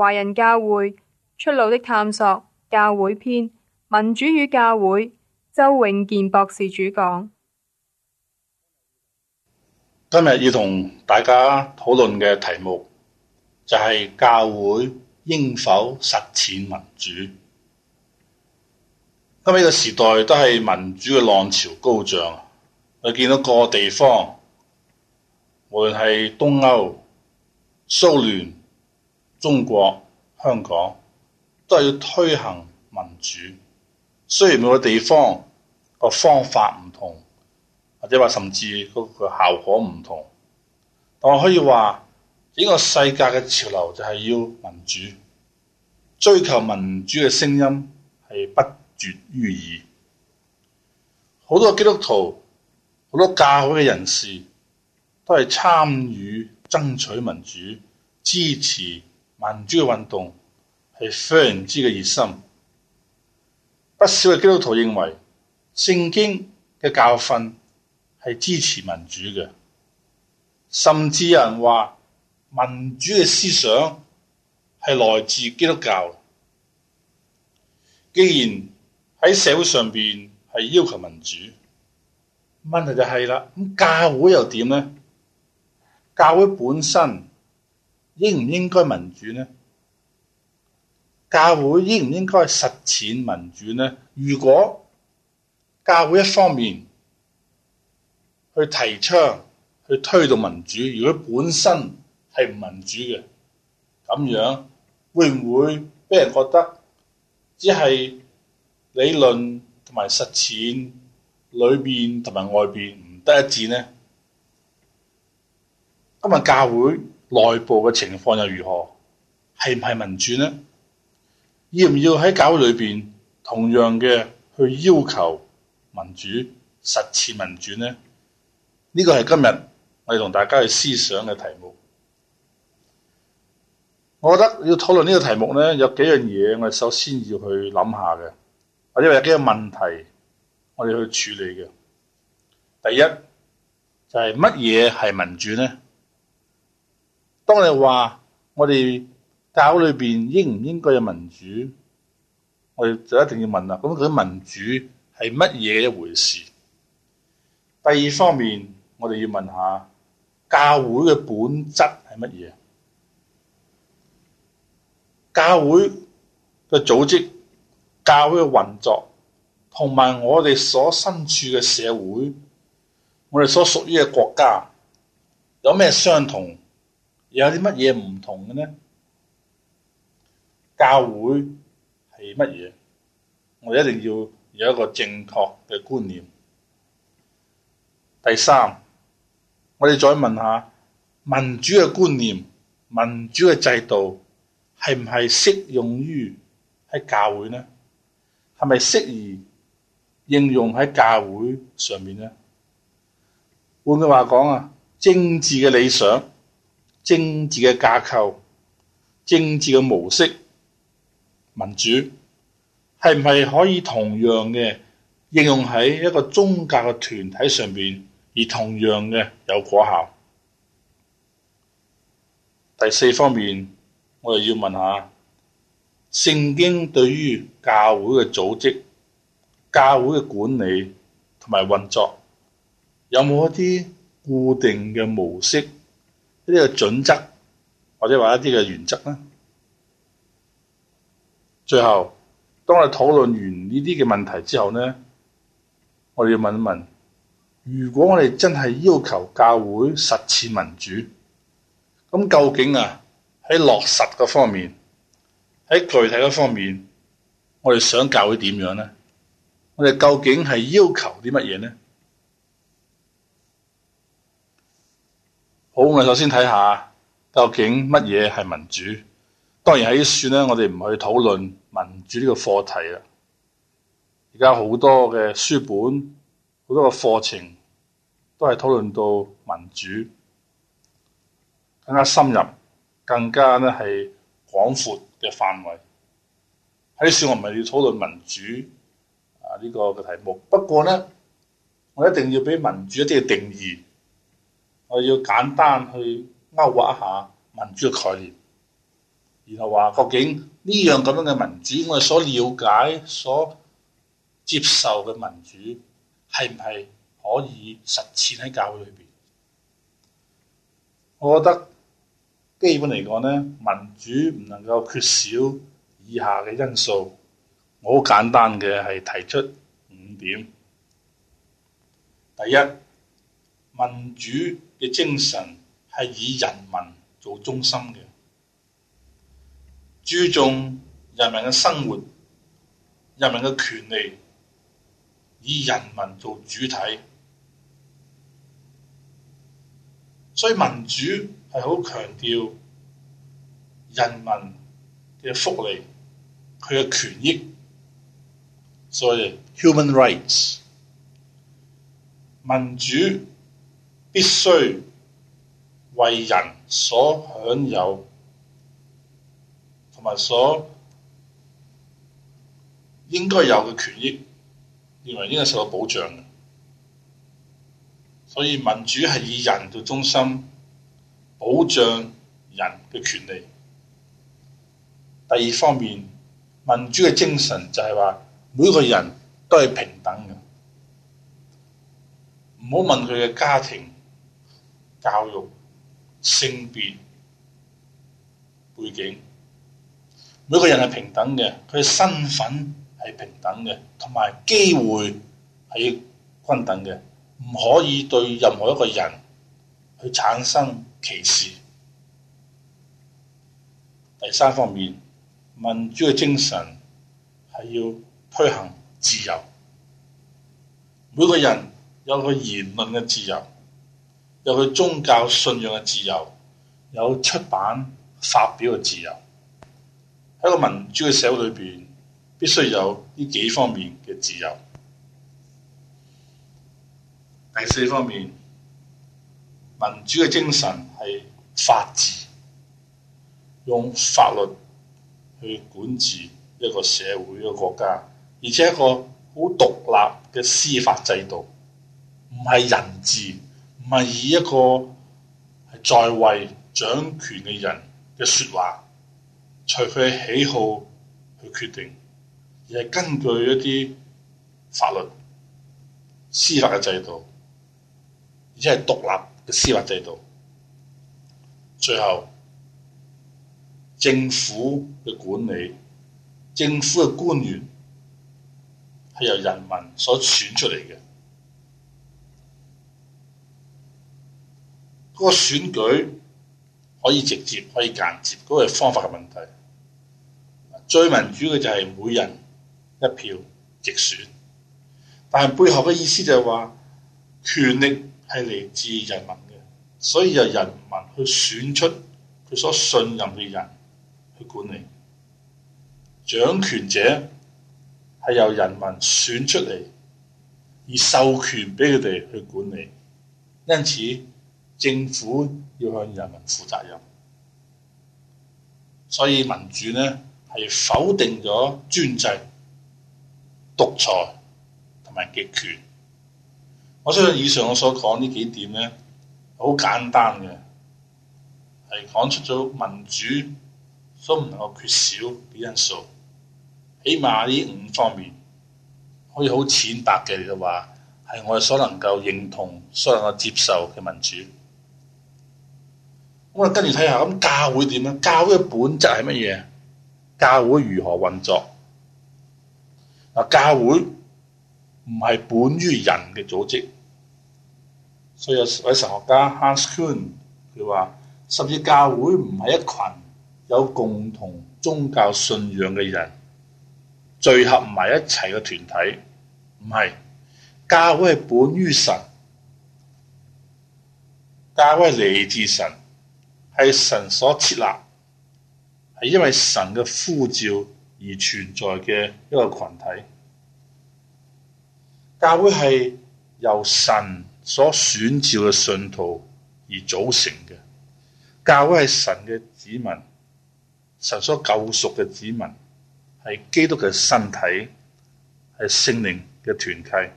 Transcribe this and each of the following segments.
華人教會出路的探索，教會篇：民主與教會。周永健博士主講。今日要同大家討論嘅題目就係教會應否實踐民主？今日呢個時代都係民主嘅浪潮高漲，我見到各個地方，無論係東歐、蘇聯。中國、香港都係要推行民主，雖然每個地方個方法唔同，或者話甚至嗰個效果唔同，但我可以話，整個世界嘅潮流就係要民主，追求民主嘅聲音係不絕於耳。好多基督徒、好多教會嘅人士都係參與爭取民主、支持。民主嘅運動係非常之嘅熱心，不少嘅基督徒認為聖經嘅教訓係支持民主嘅，甚至有人話民主嘅思想係來自基督教。既然喺社會上邊係要求民主，問題就係、是、啦，咁教會又點呢？教會本身。應唔應該民主呢？教會應唔應該實踐民主呢？如果教會一方面去提倡去推動民主，如果本身係唔民主嘅，咁樣會唔會俾人覺得只係理論同埋實踐裏邊同埋外邊唔得一致呢？今日教會。內部嘅情況又如何？係唔係民主呢？要唔要喺教會裏邊同樣嘅去要求民主，實踐民主呢？呢個係今日我哋同大家嘅思想嘅題目。我覺得要討論呢個題目呢，有幾樣嘢我哋首先要去諗下嘅，或者有幾個問題我哋去處理嘅。第一就係乜嘢係民主呢？當你話我哋教裏邊應唔應該有民主，我哋就一定要問啦。咁佢民主係乜嘢一回事。第二方面，我哋要問下教會嘅本質係乜嘢。教會嘅組織、教會嘅運作，同埋我哋所身處嘅社會，我哋所屬於嘅國家，有咩相同？有啲乜嘢唔同嘅呢？教會係乜嘢？我哋一定要有一個正確嘅觀念。第三，我哋再問下民主嘅觀念、民主嘅制度係唔係適用於喺教會呢？係咪適宜應用喺教會上面呢？換句話講啊，政治嘅理想。政治嘅架構、政治嘅模式、民主，係唔係可以同樣嘅應用喺一個宗教嘅團體上面，而同樣嘅有果效？第四方面，我哋要問下聖經對於教會嘅組織、教會嘅管理同埋運作，有冇一啲固定嘅模式？呢個準則或者話一啲嘅原則啦，最後當我哋討論完呢啲嘅問題之後咧，我哋要問一問：如果我哋真係要求教會實踐民主，咁究竟啊喺落實嘅方面，喺具體嘅方面，我哋想教會點樣咧？我哋究竟係要求啲乜嘢咧？好，我哋首先睇下究竟乜嘢係民主。當然喺算咧，我哋唔去討論民主呢個課題啦。而家好多嘅書本、好多嘅課程都係討論到民主，更加深入、更加呢係廣闊嘅範圍。喺算我唔係要討論民主啊呢個嘅題目。不過咧，我一定要俾民主一啲嘅定義。我要簡單去勾畫一下民主嘅概念，然後話究竟呢樣咁樣嘅民主，我哋所了解、所接受嘅民主，係唔係可以實踐喺教會裏邊？我覺得基本嚟講呢，民主唔能夠缺少以下嘅因素。我好簡單嘅係提出五點：第一，民主嘅精神係以人民做中心嘅，注重人民嘅生活、人民嘅權利，以人民做主體。所以民主係好強調人民嘅福利、佢嘅權益。所以 human rights，民主。必須為人所享有同埋所應該有嘅權益，認為應該受到保障嘅。所以民主係以人為中心，保障人嘅權利。第二方面，民主嘅精神就係話每個人都係平等嘅，唔好問佢嘅家庭、教育、性別、背景，每個人係平等嘅，佢嘅身份係平等嘅，同埋機會係均等嘅，唔可以對任何一個人去產生歧視。第三方面，民主嘅精神係要推行自由，每個人有佢言論嘅自由。有佢宗教信仰嘅自由，有出版發表嘅自由。喺個民主嘅社會裏邊，必須有呢幾方面嘅自由。第四方面，民主嘅精神係法治，用法律去管治一個社會一個國家，而且一個好獨立嘅司法制度，唔係人治。唔係以一個在位掌權嘅人嘅説話，隨佢喜好去決定，而係根據一啲法律、司法嘅制度，而且係獨立嘅司法制度。最後，政府嘅管理、政府嘅官員係由人民所選出嚟嘅。個選舉可以直接，可以間接，嗰個係方法嘅問題。最民主嘅就係每人一票直選，但係背後嘅意思就係話權力係嚟自人民嘅，所以由人民去選出佢所信任嘅人去管理。掌權者係由人民選出嚟，而授權俾佢哋去管理，因此，政府要向人民負責任，所以民主呢，係否定咗專制、獨裁同埋極權。我相信以上我所講呢幾點呢，好簡單嘅，係講出咗民主所唔能夠缺少嘅因素。起碼呢五方面可以好淺白嘅就話，係我哋所能夠認同、所能夠接受嘅民主。我哋跟住睇下，咁教會點咧？教會嘅本質係乜嘢？教會如何運作？啊，教會唔係本於人嘅組織。所以有位神學家 Hans Kuhn 佢話，甚至教會唔係一群有共同宗教信仰嘅人聚合唔埋一齊嘅團體，唔係。教會係本於神，教會係嚟自神。係神所設立，係因為神嘅呼召而存在嘅一個群體。教會係由神所選召嘅信徒而組成嘅，教會係神嘅子民，神所救贖嘅子民，係基督嘅身體，係聖靈嘅團契。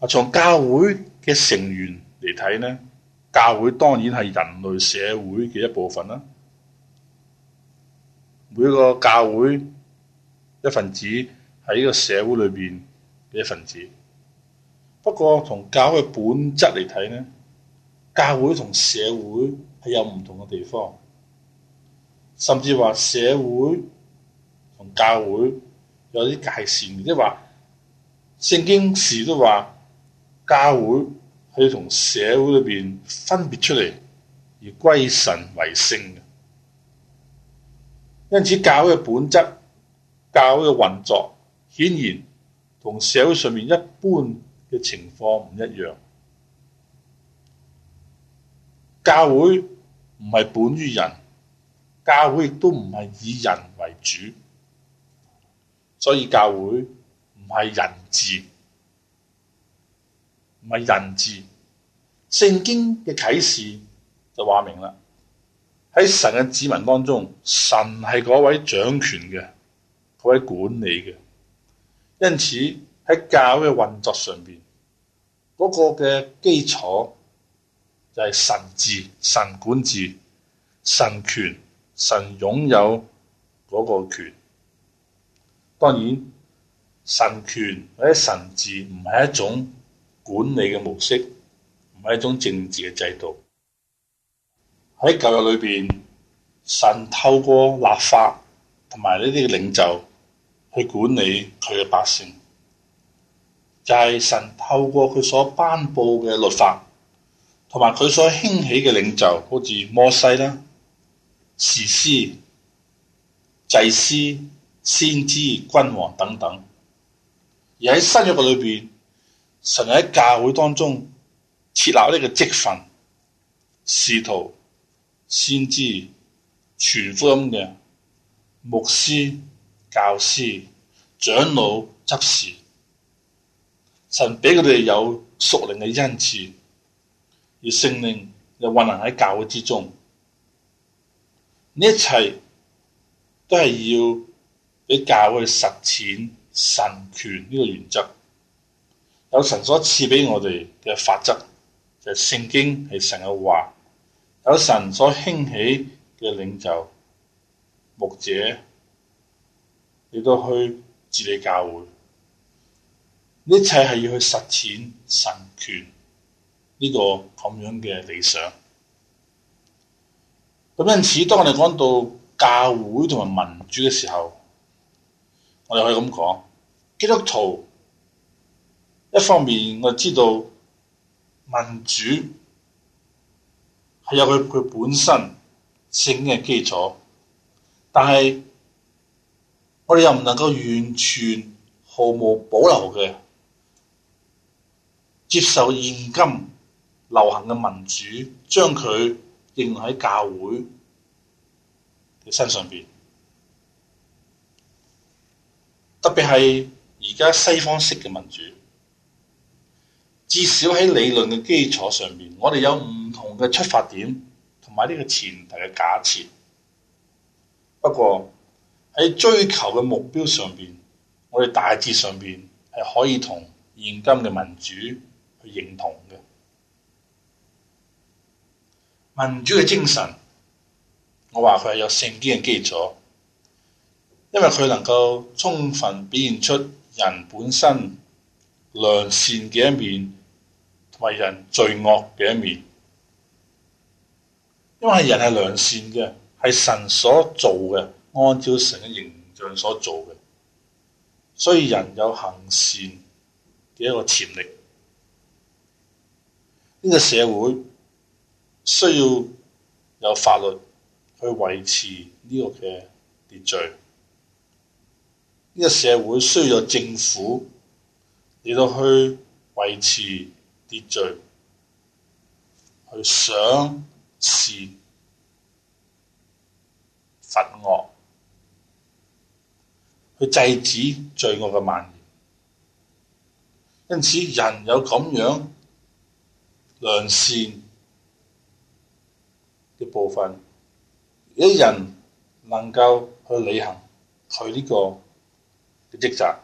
啊，從教會嘅成員嚟睇呢？教會當然係人類社會嘅一部分啦，每個教會一份子喺呢個社會裏邊嘅一份子。不過從教會本質嚟睇呢，教會同社會係有唔同嘅地方，甚至話社會同教會有啲界線，即係話聖經時都話教會。佢同社會裏邊分別出嚟而歸神為聖，因此教會嘅本質、教會嘅運作，顯然同社會上面一般嘅情況唔一樣。教會唔係本於人，教會亦都唔係以人為主，所以教會唔係人治。唔係人治，聖經嘅啟示就話明啦。喺神嘅子民當中，神係嗰位掌權嘅，嗰位管理嘅。因此喺教嘅運作上邊，嗰、那個嘅基礎就係神治、神管治、神權、神擁有嗰個權。當然，神權或者神治唔係一種。管理嘅模式唔係一種政治嘅制度，喺舊約裏邊，神透過立法同埋呢啲嘅領袖去管理佢嘅百姓，就係、是、神透過佢所頒布嘅律法，同埋佢所興起嘅領袖，好似摩西啦、士師、祭司、先知、君王等等，而喺新約嘅裏邊。神喺教會當中設立呢個職份，使徒、先知全心嘅牧師、教師、長老、執事，神畀佢哋有屬靈嘅恩賜，而聖靈又運行喺教會之中，呢一切都係要畀教會實踐神權呢個原則。有神所賜畀我哋嘅法則，就係，聖經係神嘅話，有神所興起嘅領袖、牧者，亦都去治理教會，呢一切係要去實踐神權呢、呢個咁樣嘅理想。咁因此，當我哋講到教會同埋民主嘅時候，我哋可以咁講，基督徒。一方面我知道民主係有佢佢本身性嘅基礎，但係我哋又唔能夠完全毫無保留嘅接受現今流行嘅民主，將佢應用喺教會嘅身上面，特別係而家西方式嘅民主。至少喺理論嘅基礎上面，我哋有唔同嘅出發點同埋呢個前提嘅假設。不過喺追求嘅目標上邊，我哋大致上邊係可以同現今嘅民主去認同嘅。民主嘅精神，我話佢係有聖經嘅基礎，因為佢能夠充分表現出人本身良善嘅一面，同埋人罪惡嘅一面。因為人係良善嘅，係神所做嘅，按照神嘅形象所做嘅，所以人有行善嘅一個潛力。呢個社會需要有法律去維持呢個嘅秩序。呢個社會需要政府。亦都去維持秩序，去賞善罰惡，去制止罪惡嘅蔓延。因此，人有咁樣良善嘅部分，一人能夠去履行佢呢個嘅職責。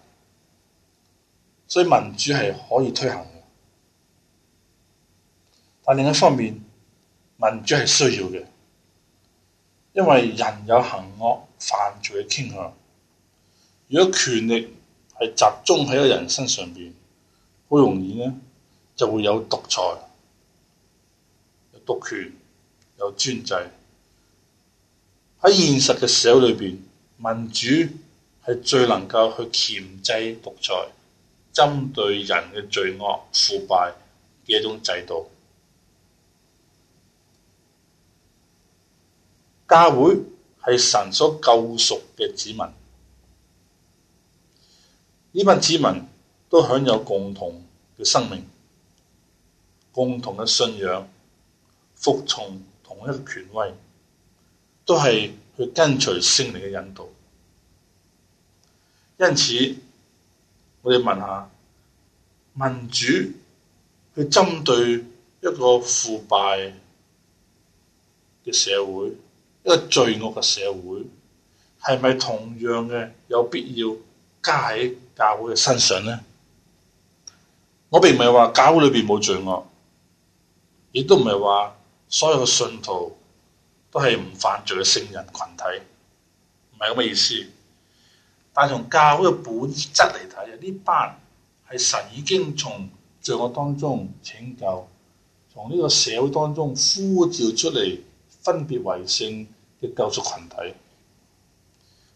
所以民主係可以推行嘅，但另一方面，民主係需要嘅，因為人有行惡犯罪嘅傾向。如果權力係集中喺一個人身上邊，好容易呢就會有獨裁、有獨權、有專制。喺現實嘅社會裏邊，民主係最能夠去鉗制獨裁。針對人嘅罪惡、腐敗嘅一種制度。教會係神所救贖嘅子民，呢班子民都享有共同嘅生命、共同嘅信仰、服從同一個權威，都係去跟隨聖靈嘅引導，因此。我哋問下民主去針對一個腐敗嘅社會，一個罪惡嘅社會，係咪同樣嘅有必要加喺教會嘅身上呢？我並唔係話教會裏面冇罪惡，亦都唔係話所有嘅信徒都係唔犯罪嘅聖人群體，唔係咁嘅意思。但係從教會嘅本質嚟睇，呢班係神已經從罪惡當中拯救，從呢個社會當中呼召出嚟分別為聖嘅救贖群體。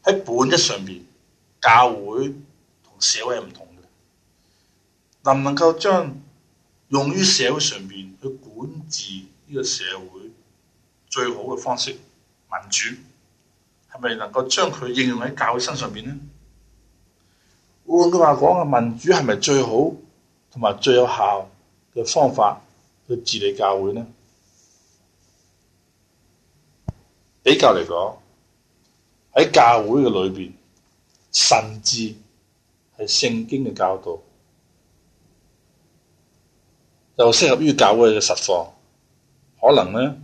喺本質上面，教會同社會係唔同嘅。能唔能夠將用於社會上面去管治呢個社會最好嘅方式民主，係咪能夠將佢應用喺教會身上邊咧？換句話講啊，民主係咪最好同埋最有效嘅方法去治理教會呢？比較嚟講，喺教會嘅裏邊，甚至係聖經嘅教導又適合於教會嘅實況，可能呢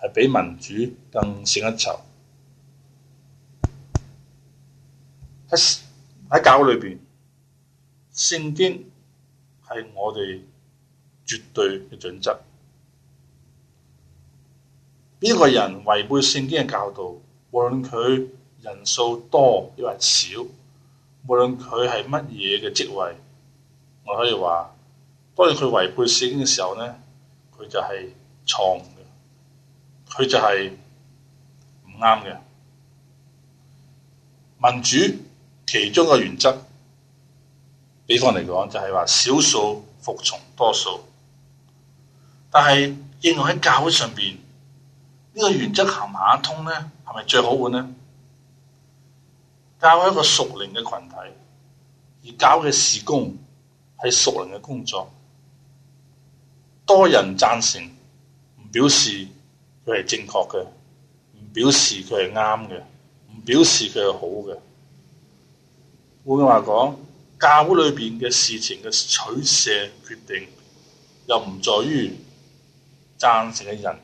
係比民主更勝一籌。喺教裏邊，聖經係我哋絕對嘅準則。邊一個人違背聖經嘅教導，無論佢人數多抑或少，無論佢係乜嘢嘅職位，我可以話，當佢違背聖經嘅時候呢，佢就係錯誤嘅，佢就係唔啱嘅民主。其中嘅原則，比方嚟講，就係話少數服從多數。但係應用喺教會上邊呢，這個原則行唔行通咧？係咪最好嘅咧？教會一個屬靈嘅群體，而教嘅事工係屬靈嘅工作，多人贊成，唔表示佢係正確嘅，唔表示佢係啱嘅，唔表示佢係好嘅。換句話講，教會裏邊嘅事情嘅取捨決定，又唔在於贊成嘅人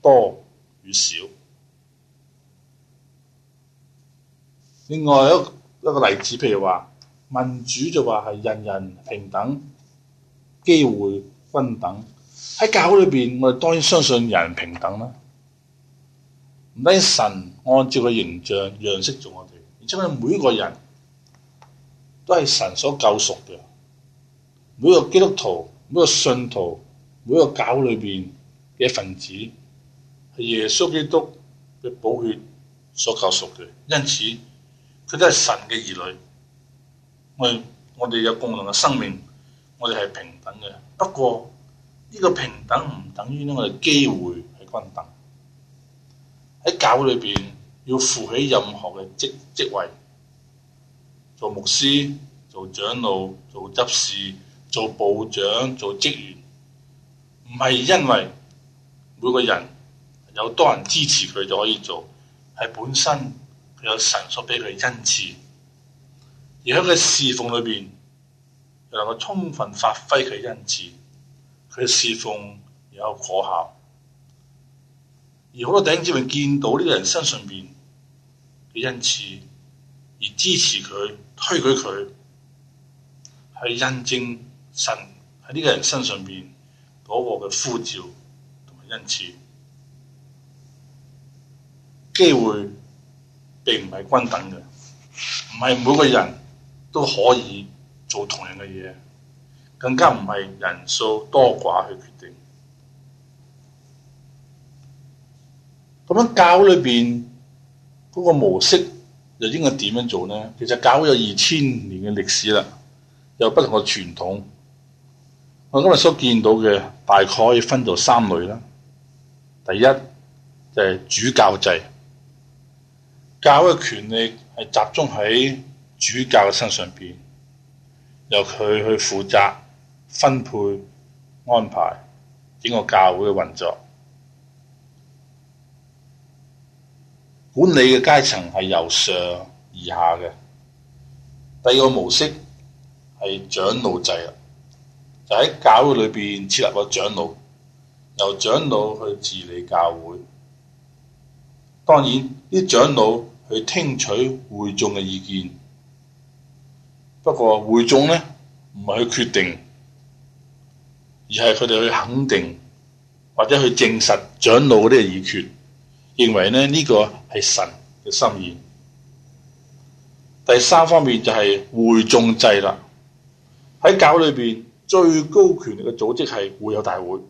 多與少。另外一個一個例子，譬如話民主就話係人人平等，機會均等。喺教會裏邊，我哋當然相信人平等啦。唔得神按照個形象樣式做我哋，而且我哋每一個人，都係神所救贖嘅，每個基督徒、每個信徒、每個教裏邊嘅分子，係耶穌基督嘅寶血所救贖嘅，因此佢都係神嘅兒女。我我哋有共同嘅生命，我哋係平等嘅。不過呢個平等唔等於呢個機會係均等。喺教會裏邊要負起任何嘅職職位。做牧師、做長老、做執事、做部長、做職員，唔係因為每個人有多人支持佢就可以做，係本身有神所俾佢嘅恩賜，而喺佢侍奉裏邊，能夠充分發揮佢嘅恩賜，佢嘅侍奉又有果效，而好多頂子們見到呢個人身上邊嘅恩賜，支持佢，推舉佢，去印證神喺呢個人身上面嗰個嘅呼召，同埋恩賜，機會並唔係均等嘅，唔係每個人都可以做同樣嘅嘢，更加唔係人數多寡去決定。咁樣教裏邊嗰個模式。又應該點樣做呢？其實教會有二千年嘅歷史啦，有不同嘅傳統。我今日所見到嘅大概可以分到三類啦。第一就係主教制，教會嘅權力係集中喺主教嘅身上邊，由佢去負責分配安排整個教會嘅運作。管理嘅階層係由上而下嘅，第二個模式係長老制啦，就喺教會裏邊設立個長老，由長老去治理教會。當然，啲長老去聽取會眾嘅意見，不過會眾呢唔係去決定，而係佢哋去肯定或者去證實長老呢啲嘅議認為呢呢、這個係神嘅心意。第三方面就係會眾制啦。喺教會裏邊最高權力嘅組織係會友大會。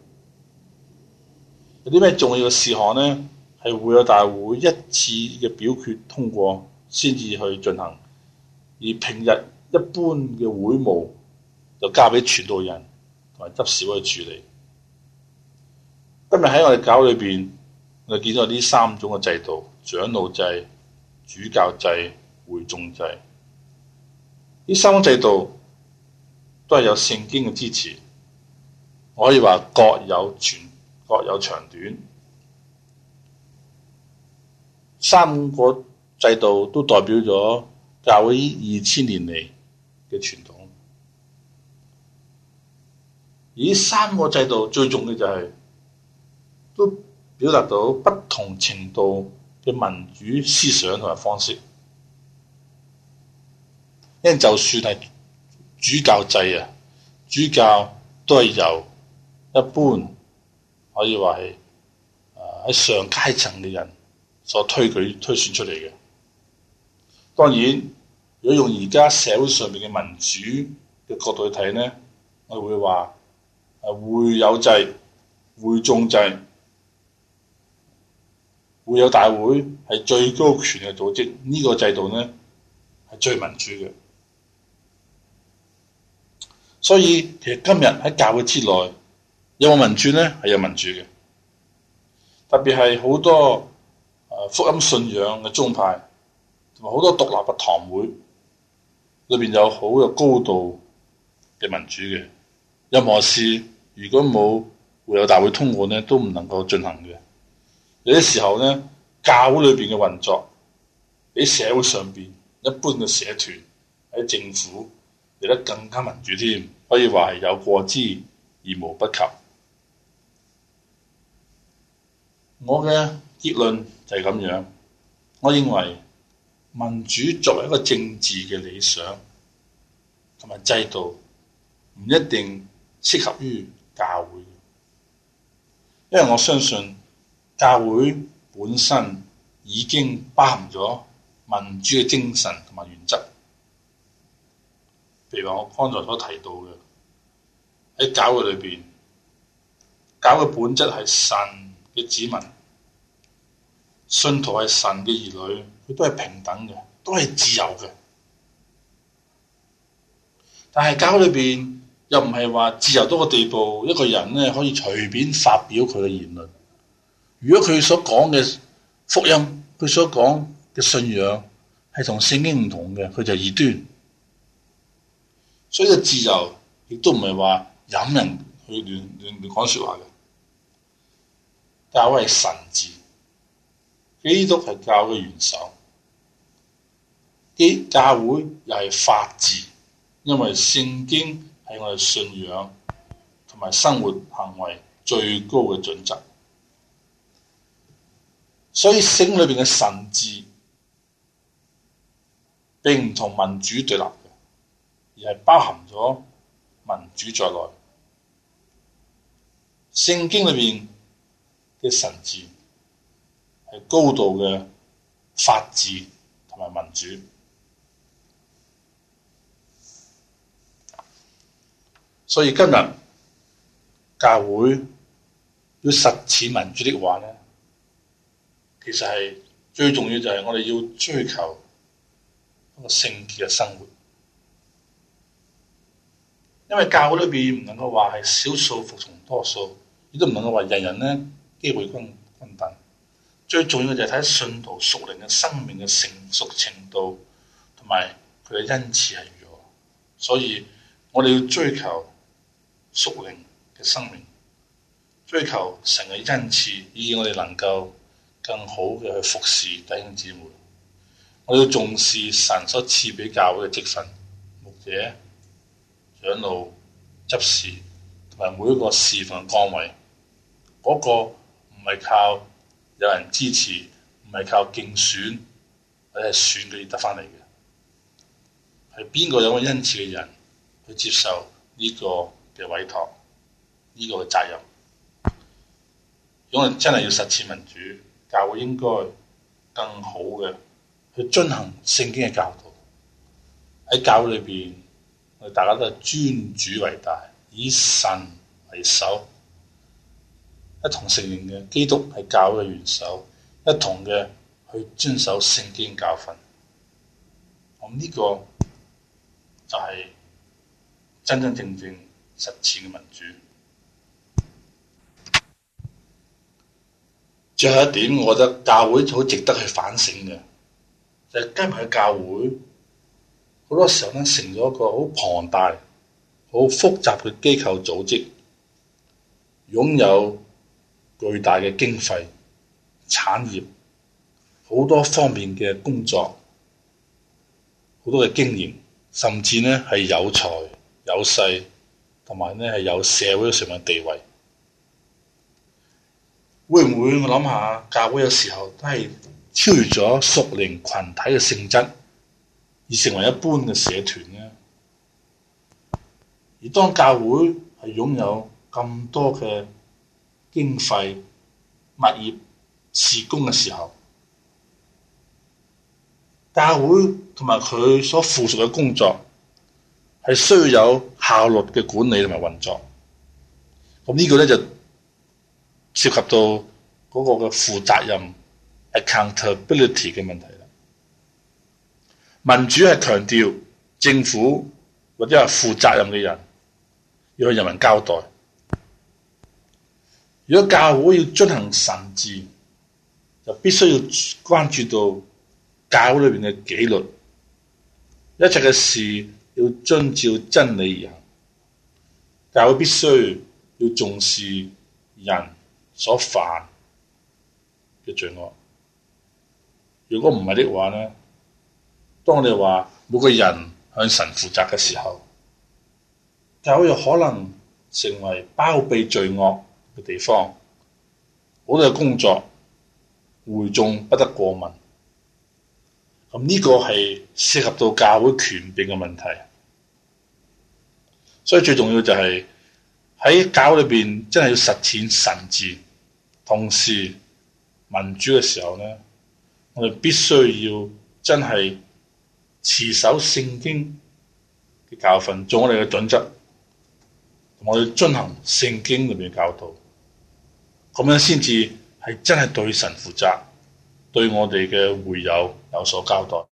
有啲咩重要嘅事項呢，係會友大會一次嘅表決通過先至去進行。而平日一般嘅會務就交俾傳道人同埋執事去處理。今日喺我哋教會裏邊。我見咗呢三種嘅制度：長老制、主教制、會眾制。呢三種制度都係有聖經嘅支持，可以話各有全、各有長短。三個制度都代表咗教會二千年嚟嘅傳統。而三個制度最重嘅就係、是、都。表達到不同程度嘅民主思想同埋方式，因就算係主教制啊，主教都係由一般可以話係喺上階層嘅人所推舉推選出嚟嘅。當然，如果用而家社會上面嘅民主嘅角度去睇呢，我哋會話誒會友制，會眾制。會有大會係最高權嘅組織，呢、這個制度呢係最民主嘅。所以其實今日喺教會之內有冇民主呢？係有民主嘅，特別係好多啊、呃、福音信仰嘅宗派同埋好多獨立嘅堂會，裏邊有好有高度嘅民主嘅。任何事如果冇會有大會通過呢，都唔能夠進行嘅。有啲時候呢，教會裏邊嘅運作比社會上邊一般嘅社團喺政府嚟得更加民主添，可以話係有過之而無不及。我嘅結論就係咁樣，我認為民主作為一個政治嘅理想同埋制度，唔一定適合於教會，因為我相信，教會本身已經包含咗民主嘅精神同埋原則，譬如我剛才所提到嘅喺教會裏邊，教會本質係神嘅子民，信徒係神嘅兒女，佢都係平等嘅，都係自由嘅。但係教會裏邊又唔係話自由到個地步，一個人呢可以隨便發表佢嘅言論。如果佢所講嘅福音，佢所講嘅信仰係同聖經唔同嘅，佢就異端。所以自由亦都唔係話引人去亂亂亂講説話嘅。教會係神治，基督係教嘅元首，基督教會又係法治，因為聖經係我哋信仰同埋生活行為最高嘅準則。所以，聖裏邊嘅神治並唔同民主對立嘅，而係包含咗民主在內。聖經裏邊嘅神治係高度嘅法治同埋民主。所以今日教會要實踐民主的話咧。其實係最重要就係我哋要追求一個聖潔嘅生活，因為教會裏邊唔能夠話係少數服從多數，亦都唔能夠話人人咧機會均均等。最重要嘅就係睇信徒屬靈嘅生命嘅成熟程度，同埋佢嘅恩賜係如何。所以我哋要追求屬靈嘅生命，追求成個恩賜，以我哋能夠。更好嘅去服侍弟兄姊妹，我要重視神所賜俾教會嘅職份、牧者、長老、執事同埋每一個侍奉崗位。嗰、那個唔係靠有人支持，唔係靠競選，係選舉得翻嚟嘅，係邊個有個恩賜嘅人去接受呢個嘅委託，呢、這個嘅責任。如果真係要實踐民主，教會應該更好嘅去進行聖經嘅教導，喺教會裏邊，我哋大家都係尊主為大，以神為首，一同承認嘅基督係教嘅元首，一同嘅去遵守聖經教訓，我、嗯、呢、這個就係真真正正實踐嘅民主。最後一點，我覺得教會好值得去反省嘅，就係今日嘅教會好多時候咧，成咗一個好龐大、好複雜嘅機構組織，擁有巨大嘅經費、產業、好多方面嘅工作、好多嘅經驗，甚至咧係有財有勢，同埋咧係有社會上嘅地位。會唔會我諗下，教會有時候都係超越咗熟齡群體嘅性質，而成為一般嘅社團呢？而當教會係擁有咁多嘅經費、物業、事工嘅時候，教會同埋佢所附屬嘅工作係需要有效率嘅管理同埋運作。咁呢個咧就～涉及到嗰個嘅負責任 （accountability） 嘅問題啦。民主係強調政府或者係負責任嘅人要向人民交代。如果教會要進行神治，就必須要關注到教會裏邊嘅紀律，一切嘅事要遵照真理而行。教會必須要重視人所犯嘅罪惡，如果唔係的話咧，當你話每個人向神負責嘅時候，就教會有可能成為包庇罪惡嘅地方。好多嘅工作會眾不得過問，咁、這、呢個係涉及到教會權柄嘅問題。所以最重要就係喺教會裏邊真係要實踐神志。同時民主嘅時候咧，我哋必須要真係持守聖經嘅教訓做我哋嘅準則，同我哋進行聖經裏面嘅教導，咁樣先至係真係對神負責，對我哋嘅會友有所交代。